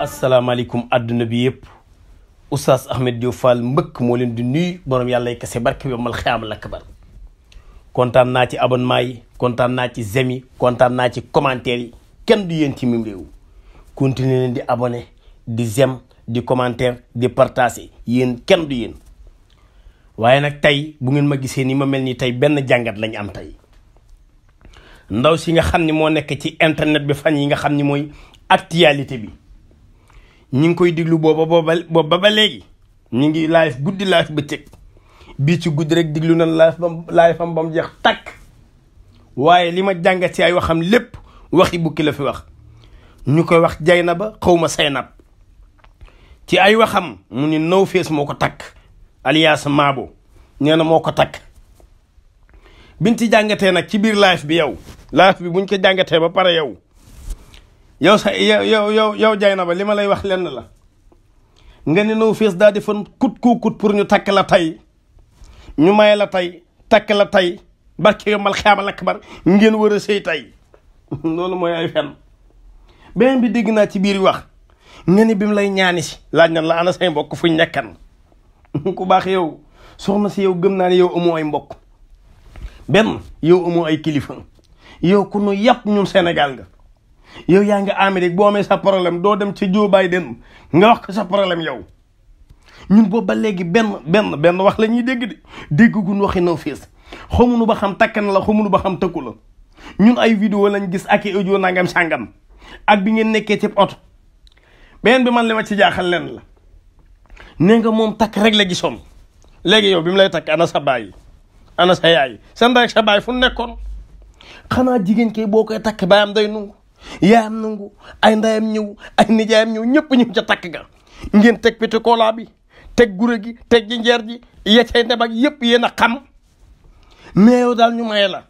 asalaamaaleykum àdduna bi yëpp Oustaz Ahmed Diop Fall mbëkk moo leen di nuyu borom yàlla yi kese barke bi mal xiyaam lakbar kontaan naa ci abonnement yi kontaan naa ci j'aime yi kontaan naa ci commentaire yi kenn du yéen ci mim réew continuer di abonné di di commentaire di yéen kenn du yéen waaye nag tey bu ngeen ma gisee ni ma mel nii tey benn jàngat lañu am tey ndaw si nga xam ni moo nekk ci internet bi fañ yi nga xam ni mooy actualité bi ñi ngi koy diglu booba booba ba ba léegi ñu ngi live guddi live bëccëg bii ci guddi rek diglu na live bam live am ba mu jeex takk waaye li ma jàngat ci ay waxam lépp waxi bukki la fi wax ñu koy wax jay na ba xawma saynab ci ay waxam mu ni now fees moo ko takk alias maabo nee na moo ko takk biñ ci jàngatee nag ci biir live bi yow live bi buñ ko jàngatee ba pare yow yow sa yow yow yow yow jay na ba li ma lay wax lenn la nga ne noo fees daal di fan kut kuukut pour ñu takk la tey ñu may la tey takk la tey barke yombal xaamal akbar ngeen war a sëy tey loolu mooy ay fen beneen bi dégg naa ci biir wax nga ni bi mu lay ñaani si laaj na la ana say mbokk fuñ nekkan ku baax yow soxna si yow gëm naa ne yow amoo ay mbokk benn yow amoo ay kilifa yow ku nu yàpp ñun Sénégal nga yow yaa ngi Amérique boo amee sa problème doo dem ci Joe den nga wax ko sa problème yow ñun boobu ba léegi benn benn benn wax la ñuy dégg de dégguñu waxi naw fees nu ba xam takk na la xamuñu ba xam tëkku la ñun ay vidéo lañ gis ak i audio nangam sàngam ak bi ngeen nekkee ci oto beneen bi man la ma ci jaaxal leen la nee nga moom takk rek la gisoon léegi yow bi mu lay takk ana sa baay ana sa yaay seen rek sa baay fu nekkoon xanaa jigéen kay boo koy takk baayam day nungu yaayam nangu ay ndayam ñëw ay nijaayam ñëw ñëpp ñëw ca takk ga ngeen teg pété koolaa bi teg gure gi teg ji njeer ji ya cay ndem ak yëpp yéen a xam mais daal ñu maye la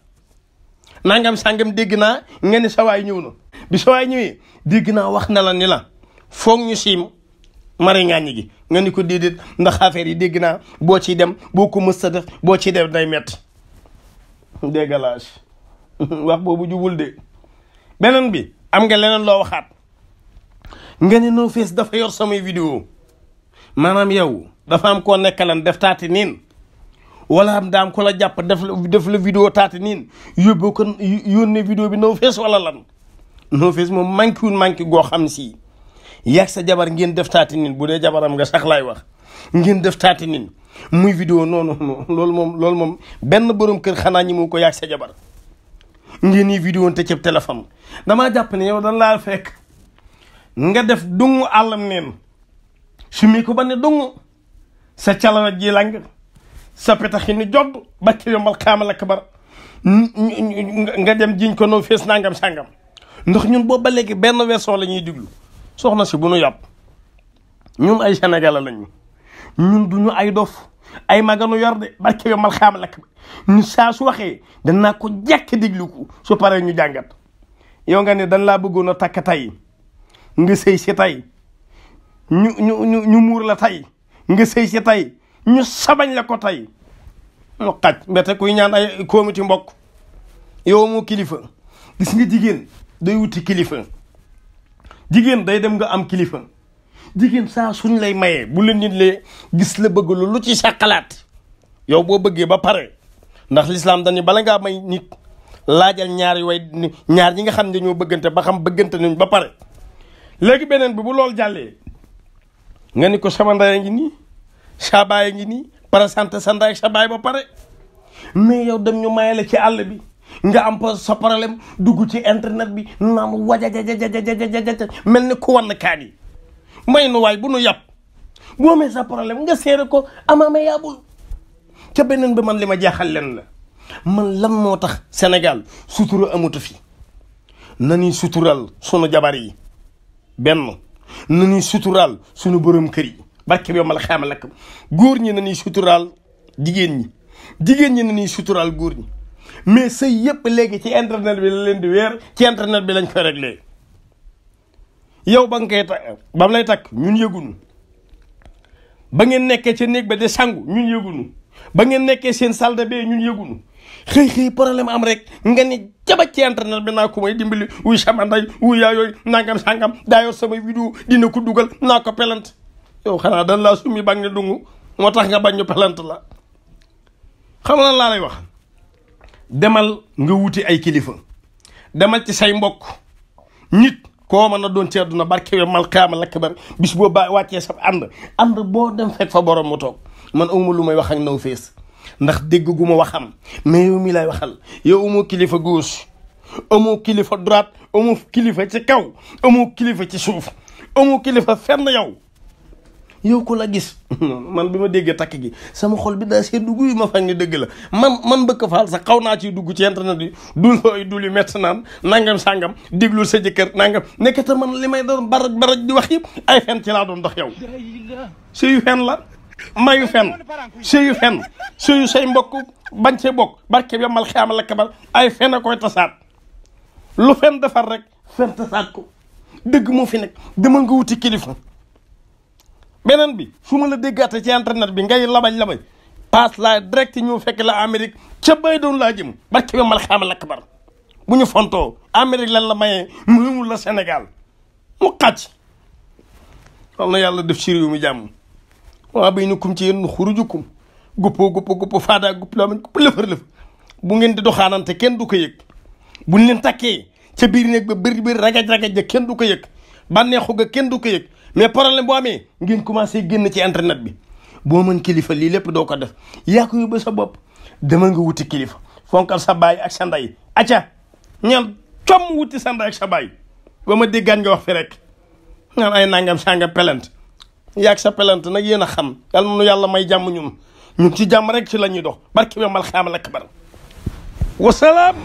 nangam sàngam dégg naa nga sawaay ñëw na bi sawaay ñëwee dégg naa wax na la ni la foog ñu siim mari ngaañi gi nga ni ko déedéet ndax affaire yi dégg naa boo ciy dem boo ko mës a def boo ciy def day metti dégalage wax boobu jubul de beneen bi am nga leneen loo waxaat nga ne noo fees dafa yor samay vidéo maanaam yow dafa am koo nekkalan def taati niin wala am daam ko la jàpp def la def la vidéo taati niin yóbbu ko yónnee vidéo bi noo fees wala lan noo fees moom manqué wul manqué goo xam si yàgg sa jabar ngeen def taati niin bu dee jabaram nga sax laay wax ngeen def taati niin muy vidéo noonu loolu moom loolu moom benn borom kër xanaa ñi mu ko yàgg sa jabar ngeen ñuy vidéo te ci téléphone damaa jàpp ne yow dañ laa fekk nga def dungu àllam neen su mi ko ba ne dungu sa calawa ji lang sa petax yi ba ci yombal xaamal ak bar nga dem jiñ ko noo fees nangam sangam ndax ñun boobu ba léegi benn version la ñuy diglu soxna si bu nu yàpp ñun ay sénégalais lañu ñun duñu ay dof ay maganu yor de barke bi mal xaam lakk ba ñu saa su waxee danaa ko jàkk déglu ko su paree ñu jàngat yow nga ne dan laa bëggoon a takk tey nga sëy si tey ñu ñu ñu ñu la tey nga sëy si tey ñu sabañ la ko tey mu xaj mbete kuy ñaan ay comité mbokk yow moo kilifa si nga jigéen day wuti kilifa jigéen day dem nga am kilifa jigéen saa suñ lay mayee bu la nit lee gis la bëgg lu ci sa xalaat yow boo bëggee ba pare ndax lislaam dañu bala ngaa may nit laajal ñaari way ñaar ñi nga xam ne dañoo bëggante ba xam bëggante nañ ba pare léegi beneen bi bu lool jàllee nga ni ko sama ngi nii sa baay a ngi nii présenté sa ndey ak sa baay ba pare mais yow dem ñu maye la ci àll bi nga am sa problème dugg ci internet bi naam wajajajajajajaja mel ni ko wann kaan yi may nu waay bu nu yàpp boo amee sa problème nga seere ko amaama yaabul ca beneen bi man li ma jaaxal leen la man lan moo tax Sénégal sutura amatu fi nañuy sutural sunu jabar yi benn nañuy sutural sunu borom kër yi barke bi mal xaamal ak góor ñi nañuy sutural jigéen ñi jigéen ñi nañuy suturaal góor ñi mais sëy yëpp léegi ci internet bi la leen di weer ci bi lañ ko réglé yow ba nga koy takk lay takk ñun yëgunu ba ngeen nekkee ca néeg ba de sangu ñun yëgunu ba ngeen nekkee seen salda de bain ñun yëgunu xëy xëy problème am rek nga ni jaba ci internet naa ko may dimbali wuy sama ndey wuy yaa yooyu nangam sangam daa yor samay vidéo dina ko dugal naa ko pelant yow xanaa dan laa summi bang ne dungu moo tax nga bañ ñu pelant la xam lan laa lay wax demal nga wuti ay kilifa demal ci say mbokk nit koo mën a doon ci àdduna barke we mal xiyaama lakk bar bis boo ba wàccee sab ànd ànd boo dem fekk fa borom mu toog man awma lu may wax ak naw fees ndax dégg gu ma waxam mais yow mi lay waxal yow amoo kilifa gauche amoo kilifa droite amoo kilifa ci kaw amoo kilifa ci suuf amoo kilifa fenn yow yow ko la gis man bi ma déggee takk gi sama xol bi daa see dugg yi ma fan ni dëgg la man man mbëkk faal sa xaw naa ciy dugg ci internet bi dul looy dul yu métti naan nangam sangam déglu sa jëkkër nangam nekkata man li may doon baraj baraj di wax yëpp ay fen ci laa doon dox yow suyu fen la mayu fen suyu fen suyu say mbokk bañ see bokk barke bi mal xeama la kabar ay fen a koy tasaat lu fen defar rek fen tasaat ko dëgg moo fi nekk demal nga wuti kilifa beneen bi fu ma la déggaate ci internet bi ngay labaj labaj passe la direct ñu fekk la Amérique ca bay doon laa jëm barke bi mal xaamal akbar bu ñu fontoo Amérique lan la maye mu la senegal mu xàcc wal na yàlla def ci réew mi jàmm waa bay nu kum ci yéen xurujukum guppoo gupp gupp faadaa gupp laa mañ gupp lëfër bu ngeen di doxaanante kenn du ko yëg buñ leen takkee ca biir néeg ba bëri bëri ragaj ragaj ja kenn du ko yëg bànneexu ga kenn du ko yëg mais problème boo amee ngeen commencé génn ci internet bi boo mën kilifa lii lépp doo ko def yaa ko yóbbu sa bopp dama nga wuti kilifa fonkal sa baay ak sa ndey acca ñaan comm wuti sa ndey ak sa baay ba ma déggaan nga wax fi rek ñaan ay nangam sanga pelent yaag sa pelent nag yéen a xam yal yàlla may jàmm ñun ñun ci jàmm rek ci la ñuy dox barki ba mal xaamal ak kabar wasalaam